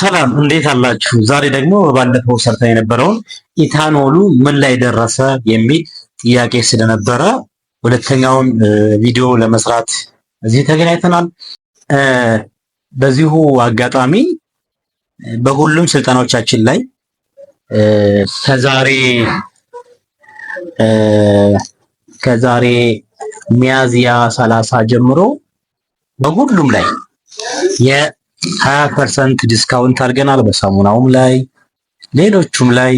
ሰላም እንዴት አላችሁ? ዛሬ ደግሞ በባለፈው ሰርተን የነበረውን ኢታኖሉ ምን ላይ ደረሰ የሚል ጥያቄ ስለነበረ ሁለተኛውን ቪዲዮ ለመስራት እዚህ ተገናኝተናል። በዚሁ አጋጣሚ በሁሉም ስልጠናዎቻችን ላይ ከዛሬ ከዛሬ ሚያዝያ ሰላሳ ጀምሮ በሁሉም ላይ ሀያ ፐርሰንት ዲስካውንት አድርገናል በሳሙናውም ላይ ሌሎቹም ላይ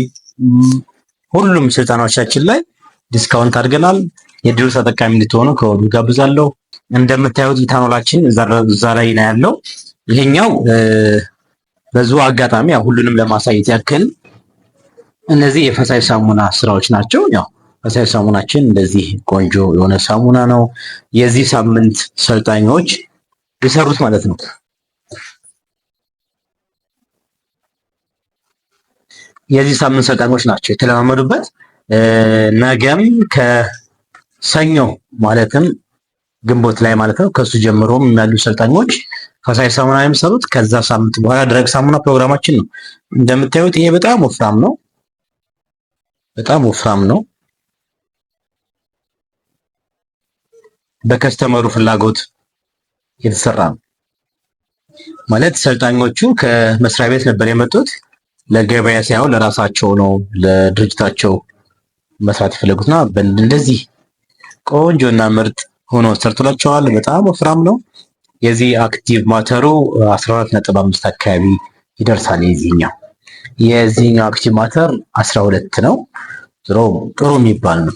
ሁሉም ስልጠናዎቻችን ላይ ዲስካውንት አድርገናል። የድሩ ተጠቃሚ እንድትሆኑ ከወዱ ጋብዛለሁ። እንደምታዩት ኢታኖላችን እዛ ላይ ነው ያለው። ይሄኛው በዙ አጋጣሚ ያ ሁሉንም ለማሳየት ያክል እነዚህ የፈሳሽ ሳሙና ስራዎች ናቸው። ያው ፈሳሽ ሳሙናችን እንደዚህ ቆንጆ የሆነ ሳሙና ነው። የዚህ ሳምንት ሰልጣኞች የሰሩት ማለት ነው። የዚህ ሳምንት ሰልጣኞች ናቸው የተለማመዱበት። ነገም ከሰኞ ማለትም ግንቦት ላይ ማለት ነው ከእሱ ጀምሮም ያሉ ሰልጣኞች ፈሳሽ ሳሙና የሚሰሩት ከዛ ሳምንት በኋላ ደረቅ ሳሙና ፕሮግራማችን ነው። እንደምታዩት ይሄ በጣም ወፍራም ነው፣ በጣም ወፍራም ነው። በከስተመሩ ፍላጎት የተሰራ ነው ማለት ሰልጣኞቹ ከመስሪያ ቤት ነበር የመጡት። ለገበያ ሳይሆን ለራሳቸው ነው ለድርጅታቸው መስራት የፈለጉትና እንደዚህ ቆንጆና ምርጥ ሆኖ ሰርቶላቸዋል። በጣም ወፍራም ነው። የዚህ አክቲቭ ማተሩ 14 ነጥብ 5 አካባቢ ይደርሳል። የዚህኛው የዚህኛው አክቲቭ ማተር 12 ነው። ጥሩ የሚባል ነው።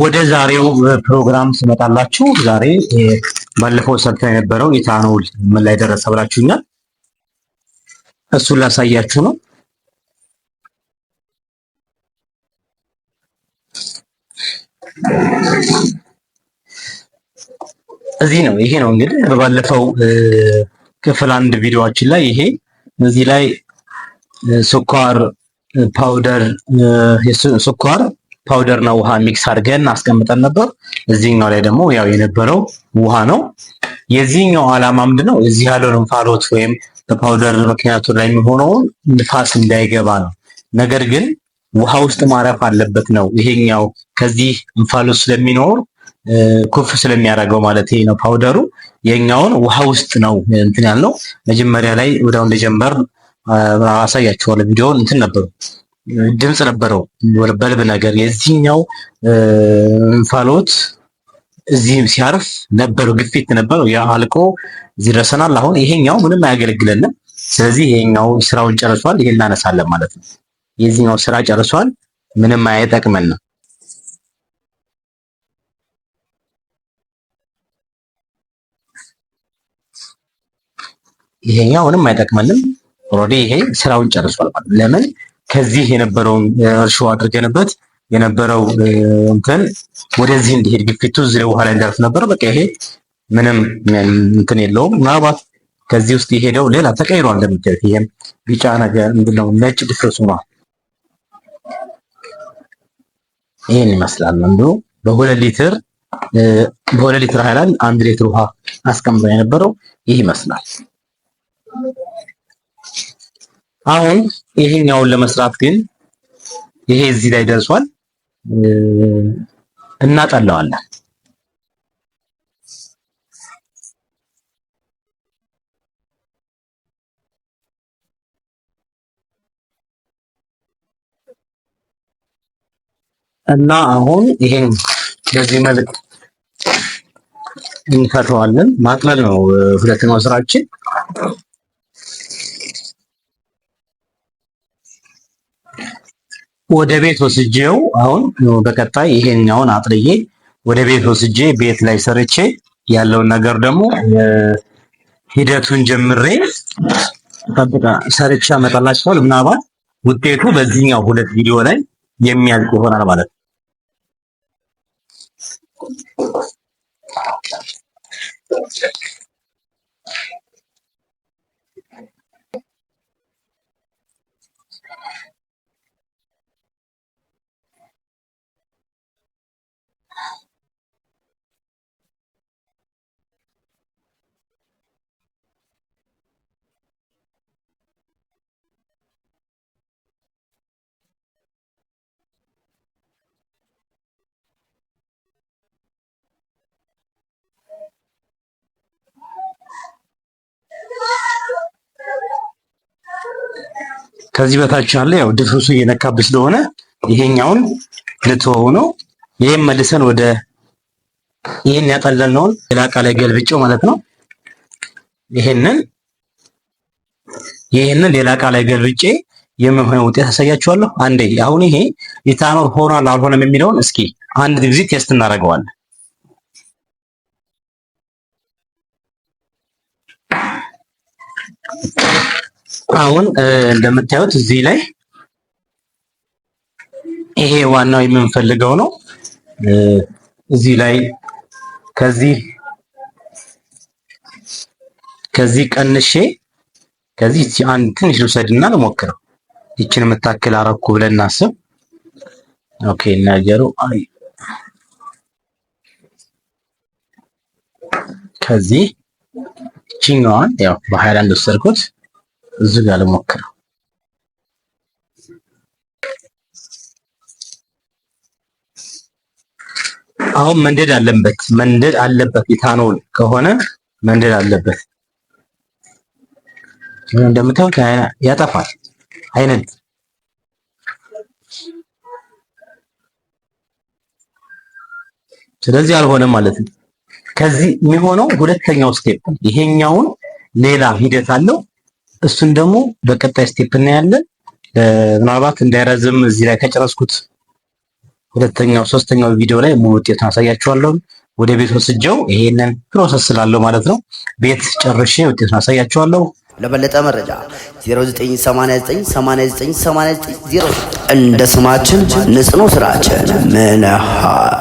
ወደ ዛሬው ፕሮግራም ስመጣላችሁ ዛሬ ባለፈው ሰርተ የነበረው ኢታኖል ምን ላይ ደረሰ ብላችሁኛል። እሱን ላሳያችሁ ነው። እዚህ ነው። ይሄ ነው እንግዲህ በባለፈው ክፍል አንድ ቪዲዮአችን ላይ ይሄ እዚህ ላይ ስኳር ፓውደር ስኳር ፓውደር እና ውሃ ሚክስ አድርገን አስቀምጠን ነበር። እዚህኛው ላይ ደግሞ ያው የነበረው ውሃ ነው። የዚህኛው ዓላማ ምንድነው? እዚህ ያለውን እንፋሎት ወይም በፓውደር ምክንያቱ ላይ የሚሆነውን ንፋስ እንዳይገባ ነው። ነገር ግን ውሃ ውስጥ ማረፍ አለበት ነው ይሄኛው ከዚህ እንፋሎት ስለሚኖር ኩፍ ስለሚያደርገው ማለት ነው ፓውደሩ። የኛውን ውሃ ውስጥ ነው እንትን ያለው መጀመሪያ ላይ ወዲያው እንደጀመር አሳያችኋለሁ። ቪዲዮውን እንትን ነበሩ ድምፅ ነበረው በልብ ነገር የዚህኛው እንፋሎት እዚህም ሲያርፍ ነበረው ግፊት ነበረው፣ ያ አልቆ እዚህ ደርሰናል። አሁን ይሄኛው ምንም አያገለግለንም። ስለዚህ ይሄኛው ስራውን ጨርሷል። ይሄን እናነሳለን ማለት ነው። የዚህኛው ስራ ጨርሷል፣ ምንም አይጠቅመንም። ይሄኛው ምንም አይጠቅመንም። ኦልሬዲ ይሄ ስራውን ጨርሷል ማለት ለምን ከዚህ የነበረውን እርሾ አድርገንበት የነበረው እንትን ወደዚህ እንዲሄድ ግፊቱ እዚህ ውሃ ላይ እንዳልፍ ነበር። በቃ ይሄ ምንም እንትን የለውም። ምናልባት ከዚህ ውስጥ የሄደው ሌላ ተቀይሯል። እንደምታዩት ይሄም ቢጫ ነገር ምንድን ነው ነጭ ድፍርሱ ነው። ይህን ይመስላል እንዶ በሁለት ሊትር በሁለት ሊትር ሃይላንድ አንድ ሊትር ውሃ አስቀምጠ የነበረው ይህ ይመስላል። አሁን ይሄኛውን ለመስራት ግን ይሄ እዚህ ላይ ደርሷል። እናጠላዋለን። እና አሁን ይሄን በዚህ መልክ እንፈተዋለን። ማጥለል ነው ሁለተኛው ስራችን። ወደ ቤት ወስጄው አሁን በቀጣይ ይሄኛውን አጥልዬ ወደ ቤት ወስጄ ቤት ላይ ሰርቼ ያለውን ነገር ደግሞ ሂደቱን ጀምሬ ጠብቃ ሰርቼ አመጣላችኋል። ምናልባት ውጤቱ በዚህኛው ሁለት ቪዲዮ ላይ የሚያልቅ ይሆናል ማለት ነው። ከዚህ በታች ያለ ያው ድፍርሱ እየነካብህ ስለሆነ ይሄኛውን ልትወው ነው። ይሄን መልሰን ወደ ይሄን ያጠለልነውን ሌላ ዕቃ ላይ ገልብጬው ማለት ነው። ይሄንን ይሄንን ሌላ ዕቃ ላይ ገልብጬ የምንሆነ ውጤት አሳያችኋለሁ። አንዴ አሁን ይሄ ኢታኖል ሆኗል አልሆነም የሚለውን እስኪ አንድ ጊዜ ቴስት እናደርገዋለን። አሁን እንደምታዩት እዚህ ላይ ይሄ ዋናው የምንፈልገው ነው። እዚህ ላይ ከዚህ ከዚህ ቀንሼ ከዚህ አንድ ትንሽ ልውሰድና ልሞክረው። ይችን የምታክል አረኩ ብለን እናስብ። ኦኬ ነገሩ አይ ከዚህ ይችኛዋን ያው በሃይላንድ ወሰድኩት። እዚህ ጋር ልሞክረው። አሁን መንደድ አለበት መንደድ አለበት። ኢታኖል ከሆነ መንደድ አለበት። እንደምታዩት ያጠፋል፣ አይነት ስለዚህ አልሆነም ማለት ነው። ከዚህ የሚሆነው ሁለተኛው ስቴፕ ይሄኛውን ሌላ ሂደት አለው። እሱን ደግሞ በቀጣይ ስቴፕ እናያለን። ምናልባት እንዳይረዝም እዚህ ላይ ከጨረስኩት ሁለተኛው ሶስተኛው ቪዲዮ ላይ ሙሉ ውጤቱን አሳያችኋለሁ። ወደ ቤት ወስጀው ይሄንን ፕሮሰስ ስላለው ማለት ነው። ቤት ጨርሼ ውጤቱን አሳያችኋለሁ። ለበለጠ መረጃ 0989898909 እንደ ስማችን ንጽኖ ስራችን ምንሃል